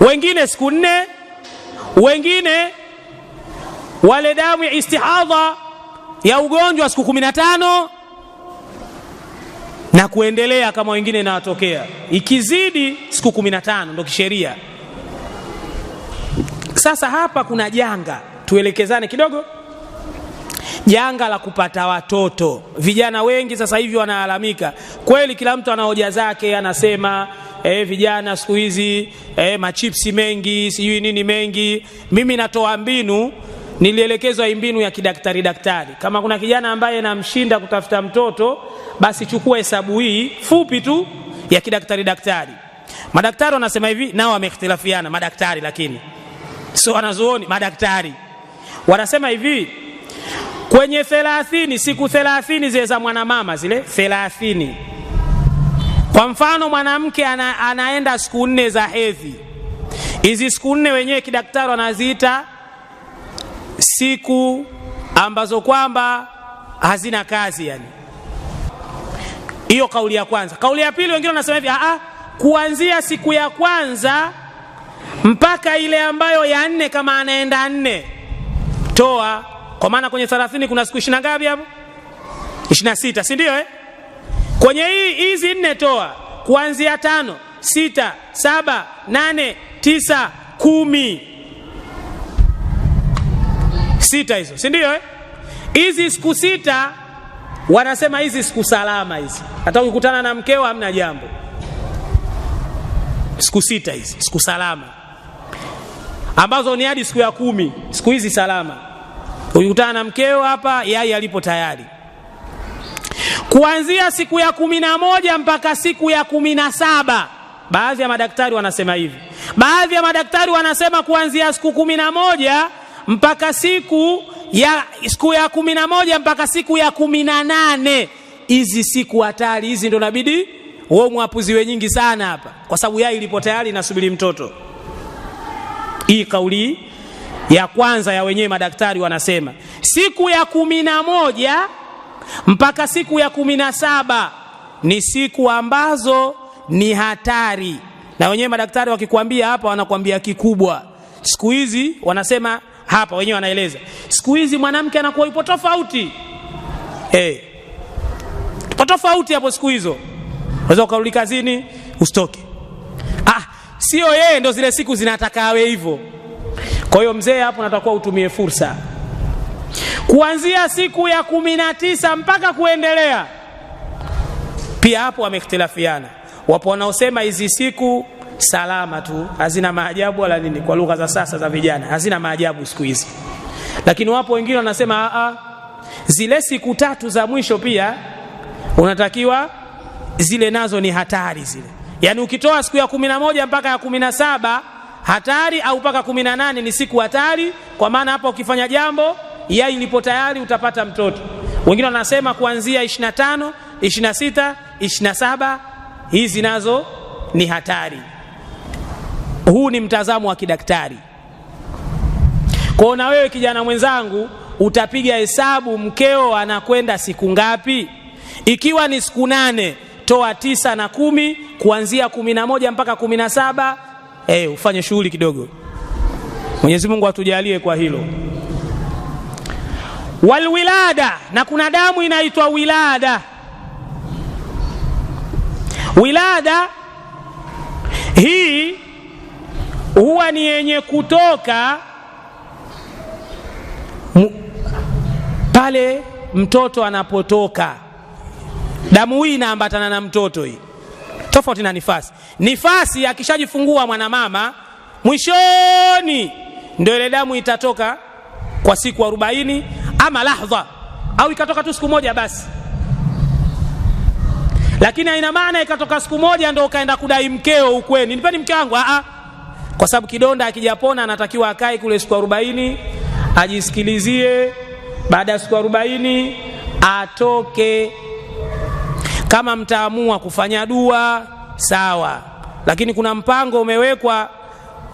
wengine siku nne, wengine wale damu ya istihadha ya ugonjwa siku kumi na tano na kuendelea, kama wengine inawatokea ikizidi siku kumi na tano ndo kisheria. Sasa hapa kuna janga, tuelekezane kidogo, janga la kupata watoto. Vijana wengi sasa hivi wanalalamika kweli, kila mtu ana hoja zake, anasema eh, vijana siku hizi eh, machipsi mengi sijui nini mengi. Mimi natoa mbinu, nilielekezwa mbinu ya kidaktari daktari. Kama kuna kijana ambaye namshinda kutafuta mtoto, basi chukua hesabu hii fupi tu ya kidaktari daktari. Madaktari wanasema hivi, nao wamehitilafiana madaktari, lakini so wanazuoni madaktari wanasema hivi kwenye thelathini siku thelathini zile za mwanamama zile thelathini kwa mfano, mwanamke ana, anaenda siku nne za hedhi. Hizi siku nne wenyewe kidaktari wanaziita siku ambazo kwamba hazina kazi, yani hiyo kauli ya kwanza. Kauli ya pili, wengine wanasema hivi kuanzia siku ya kwanza mpaka ile ambayo ya nne, kama anaenda nne toa, kwa maana kwenye thelathini kuna siku ishina ngapi hapo? ishina sita, si ndio eh? kwenye hii hizi nne toa kuanzia tano sita saba nane tisa kumi sita hizo si ndio eh? hizi eh? siku sita wanasema hizi siku salama hizi hata ukikutana na mkeo hamna jambo siku sita hizi siku salama ambazo ni hadi siku ya kumi siku hizi salama ukikutana na mkeo hapa yai alipo tayari kuanzia siku ya kumi na moja mpaka siku ya kumi na saba baadhi ya madaktari wanasema hivi baadhi ya madaktari wanasema kuanzia siku kumi na moja mpaka siku ya siku ya kumi na moja mpaka siku ya kumi na nane hizi siku hatari hizi ndo nabidi wo mwapuziwe nyingi sana hapa kwa sababu yai ilipo tayari inasubiri mtoto hii kauli ya kwanza ya wenyewe madaktari wanasema siku ya kumi na moja mpaka siku ya kumi na saba ni siku ambazo ni hatari, na wenyewe madaktari wakikuambia hapa wanakuambia kikubwa. Siku hizi wanasema hapa wenyewe wanaeleza, siku hizi mwanamke anakuwa yupo tofauti hey. Eh, po tofauti hapo siku hizo, unaweza ukarudi kazini usitoke. Ah, sio yeye, ndo zile siku zinataka awe hivyo. Kwa hiyo mzee hapo natakuwa utumie fursa kuanzia siku ya kumi na tisa mpaka kuendelea. Pia hapo wamehtilafiana, wapo wanaosema hizi siku salama tu, hazina maajabu wala nini, kwa lugha za sasa za vijana, hazina maajabu siku hizi. Lakini wapo wengine wanasema aa, zile siku tatu za mwisho pia unatakiwa zile nazo ni hatari zile, yaani ukitoa siku ya kumi na moja mpaka ya kumi na saba hatari, au mpaka kumi na nane ni siku hatari, kwa maana hapa ukifanya jambo yai lipo tayari utapata mtoto wengine wanasema kuanzia 25 26 27 hizi nazo ni hatari huu ni mtazamo wa kidaktari kwao na wewe kijana mwenzangu utapiga hesabu mkeo anakwenda siku ngapi ikiwa ni siku nane toa tisa na kumi kuanzia kumi na moja mpaka kumi na saba hey, eh, ufanye shughuli kidogo mwenyezi mungu atujalie kwa hilo walwilada, na kuna damu inaitwa wilada. Wilada hii huwa ni yenye kutoka pale mtoto anapotoka. Damu hii inaambatana na mtoto, hii tofauti na nifasi. Nifasi akishajifungua mwanamama, mwishoni ndio ile damu itatoka kwa siku arobaini ama lahdha au ikatoka tu siku moja basi lakini haina maana ikatoka siku moja ndo ukaenda kudai mkeo ukweni nipeni mke wangu kwa sababu kidonda akijapona anatakiwa akae kule siku arobaini ajisikilizie baada ya siku arobaini atoke kama mtaamua kufanya dua sawa lakini kuna mpango umewekwa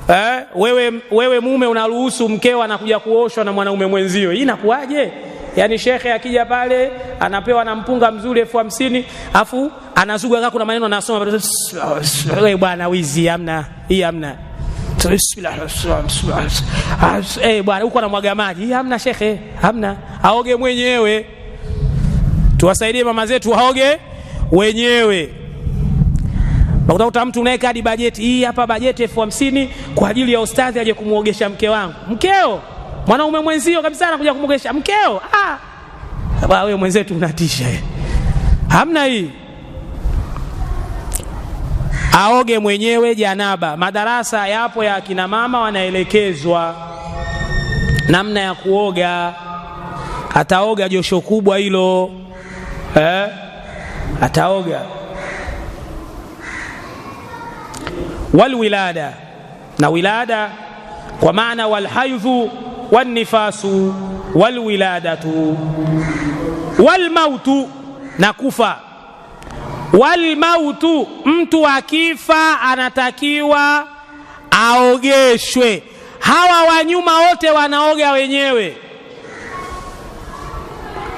eh, wewe, wewe mume unaruhusu mkewa anakuja kuoshwa na mwanaume mwenzio, hii inakuwaje? Yaani shekhe akija pale anapewa na mpunga mzuri elfu hamsini afu anazuga kaa kuna maneno anasoma eh, bwana, wizi hamna, hii hamna eh, bwana, huko anamwaga maji, hii hamna shekhe, hamna, aoge mwenyewe. Tuwasaidie mama zetu waoge wenyewe utakuta mtu unaweka hadi bajeti hii hapa, bajeti elfu hamsini kwa ajili ya ustadhi aje kumwogesha mke wangu. Mkeo mwanaume mwenzio kabisa anakuja kumwogesha mkeo. Ah, wewe mwenzetu unatisha, hamna hii aoge mwenyewe janaba. Madarasa yapo ya akina mama, wanaelekezwa namna ya kuoga. Ataoga josho kubwa hilo eh? Ataoga walwilada na wilada kwa maana walhaidhu wannifasu walwiladatu walmautu na kufa walmautu mtu akifa anatakiwa aogeshwe hawa wanyuma wote wanaoga wenyewe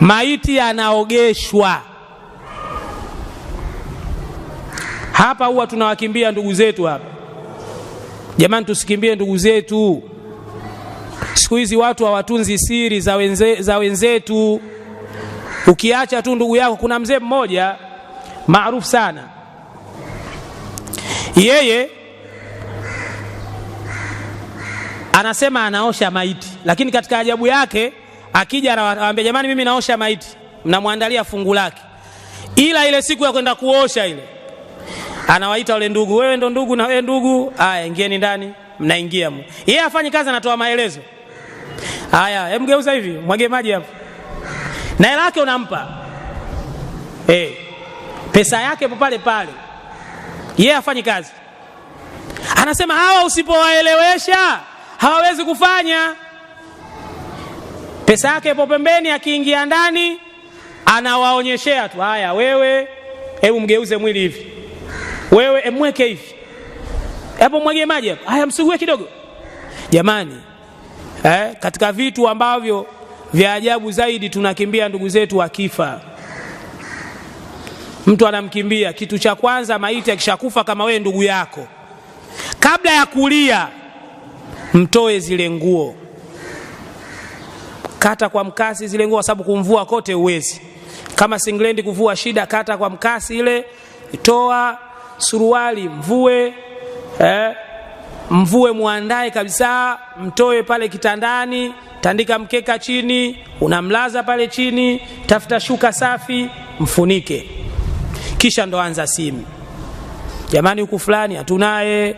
maiti anaogeshwa Hapa huwa tunawakimbia ndugu zetu hapa. Jamani, tusikimbie ndugu zetu. Siku hizi watu hawatunzi siri za, wenze, za wenzetu. Ukiacha tu ndugu yako, kuna mzee mmoja maarufu sana, yeye anasema anaosha maiti, lakini katika ajabu yake akija anawaambia jamani, mimi naosha maiti, mnamwandalia fungu lake, ila ile siku ya kwenda kuosha ile anawaita wale ndugu, wewe ndo ndugu na wewe ndugu, aya, ingieni ndani, mnaingia mu. Yeye afanyi kazi, anatoa maelezo aya emgeuza hivi, mwage maji hapo, na hela yake unampa eh, pesa yake pale pale, yeye afanyi kazi. Anasema hawa usipowaelewesha hawawezi kufanya. Pesa yake ipo pembeni, akiingia ndani anawaonyeshea tu, haya, wewe hebu mgeuze mwili hivi wewe emweke hivi hapo, mwagie maji hapo, haya msugue kidogo. Jamani eh, katika vitu ambavyo vya ajabu zaidi tunakimbia ndugu zetu wakifa. Mtu anamkimbia, kitu cha kwanza maiti akishakufa, kama wewe ndugu yako, kabla ya kulia, mtoe zile nguo, kata kwa mkasi zile nguo, sababu kumvua kote uwezi. Kama singlendi kuvua shida, kata kwa mkasi ile, toa suruali mvue eh, mvue muandae kabisa, mtoe pale kitandani, tandika mkeka chini, unamlaza pale chini, tafuta shuka safi, mfunike, kisha ndo anza simu, jamani, huku fulani hatunaye.